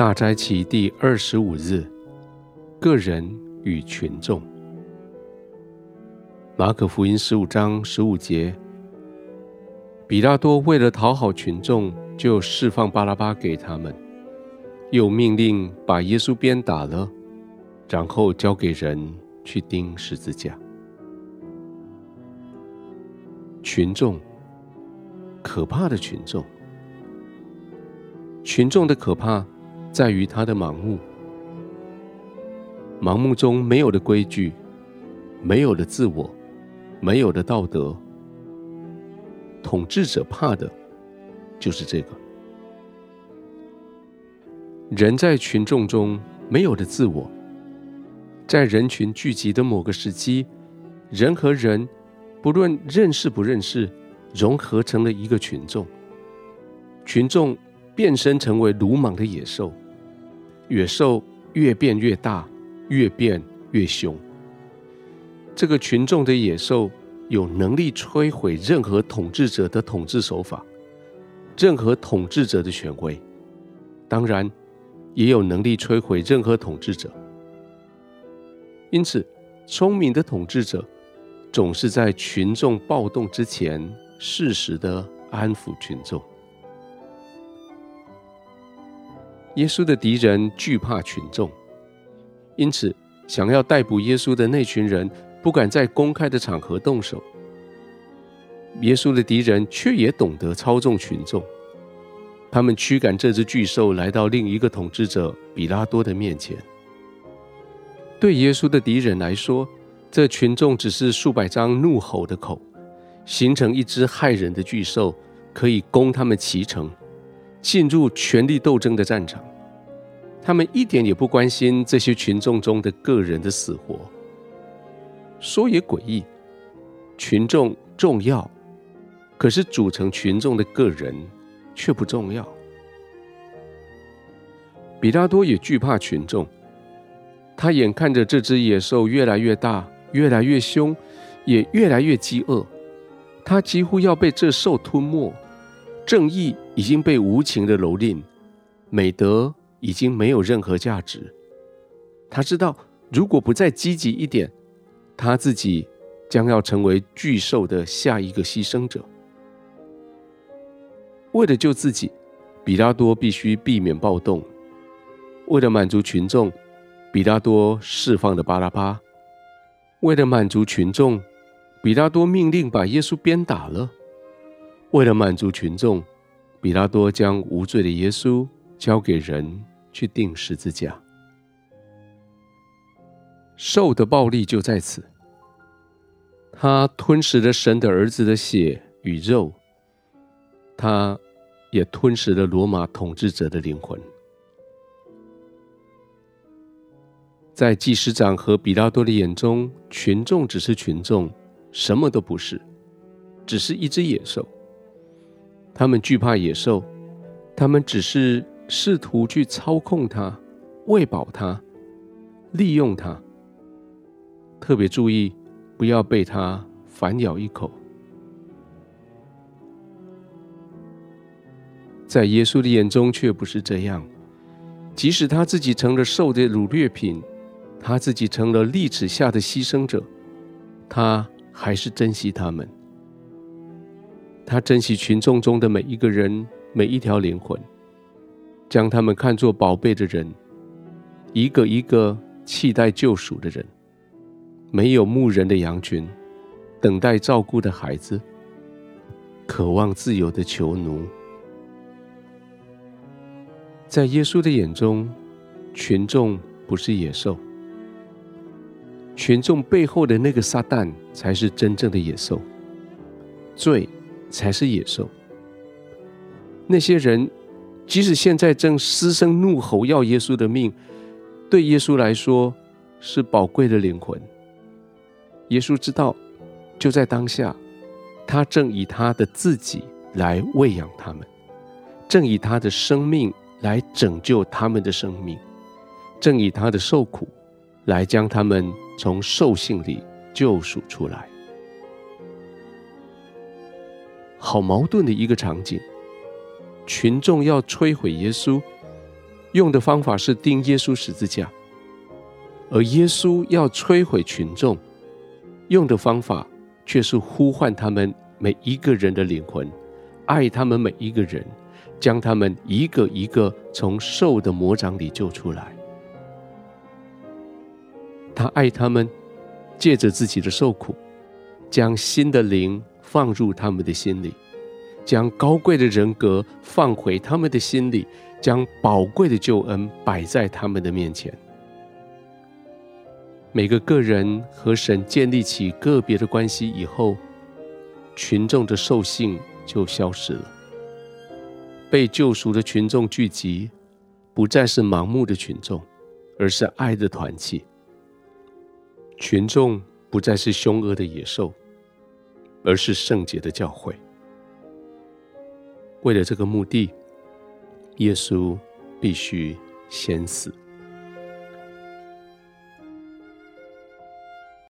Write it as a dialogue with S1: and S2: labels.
S1: 大齋期第二十五日，個人與群眾。馬可福音十五章十五節，彼拉多為了討好群眾，就釋放巴拉巴給他們，又命令把耶穌鞭打了，然後交給人去釘十字架。群眾，可怕的群眾，群眾的可怕。在於他的盲目，盲目中沒有了規矩，沒有了自我，沒有了道德。統治者怕的就是這個。人在群眾中沒有了自我，在人群聚集的某個時期，人和人不論認識不認識，融合成了一個群眾，群眾。變身成為魯莽的野獸，野獸越變越大，越變越兇。這個群眾的野獸有能力摧毀任何統治者的統治手法，任何統治者的權威，當然也有能力摧毀任何統治者。因此，聰明的統治者總是在群眾暴動之前適時地安撫群眾。耶穌的敵人懼怕群眾，因此想要逮捕耶穌的那群人不敢在公開的場合動手。耶穌的敵人卻也懂得操縱群眾，他們驅趕這隻巨獸來到另一個統治者彼拉多的面前。對耶穌的敵人來說，這群眾只是數百張怒吼的口，形成一隻駭人的巨獸，可以供他們騎乘。進入權力鬥爭的戰場，他們一點也不關心這些群眾中的個人的死活。說也詭異，群眾重要，可是組成群眾的個人卻不重要。彼拉多也懼怕群眾，他眼看着這隻野獸越來越大，越來越兇，也越來越飢餓，他幾乎要被這獸吞沒。正義已經被無情的蹂躪，美德已經沒有任何價值。他知道，如果不再積極一點，他自己將要成為巨獸的下一個犧牲者。為了救自己，彼拉多必須避免暴動。為了滿足群眾，彼拉多釋放了巴拉巴。為了滿足群眾，彼拉多命令把耶穌鞭打了。為了滿足群眾，比拉多將無罪的耶穌交給人去釘十字架，獸的暴力就在此。他吞噬了神的兒子的血與肉，他也吞噬了羅馬統治者的靈魂。在祭司長和比拉多的眼中，群眾只是群眾，什麼都不是，只是一隻野獸。他們懼怕野獸，他們只是試圖去操控它、餵飽它、利用它。特別注意，不要被它反咬一口。在耶穌的眼中卻不是這樣，即使他自己成了獸的擄掠品，他自己成了利齒下的犧牲者，他還是珍惜他們。他珍惜群眾中的每一個人、每一條靈魂，將他們看作寶貝的人，一個一個亟待救贖的人，沒有牧人的羊群，等待照顧的孩子，渴望自由的囚奴，在耶穌的眼中，群眾不是野獸，群眾背後的那個撒旦才是真正的野獸，罪。才是野獸。那些人，即使現在正嘶聲怒吼要耶穌的命，對耶穌來說是寶貴的靈魂。耶穌知道，就在當下，他正以他的自己來餵養他們，正以他的生命來拯救他們的生命，正以他的受苦來將他們從獸性裡救贖出來。好矛盾的一個場景，群眾要摧毀耶穌，用的方法是釘耶穌十字架；而耶穌要摧毀群眾，用的方法卻是呼喚他們每一個人的靈魂，愛他們每一個人，將他們一個一個從獸的魔掌裡救出來。他愛他們，借着自己的受苦，將新的靈。放入他們的心裡，將高貴的人格放回他們的心裡，將寶貴的救恩擺在他們的面前。每個個人和神建立起個別的關係以後，群眾的獸性就消失了。被救贖的群眾聚集，不再是盲目的群眾，而是愛的團契。群眾不再是兇惡的野獸，而是聖潔的教會。為了這個目的，耶穌必須先死。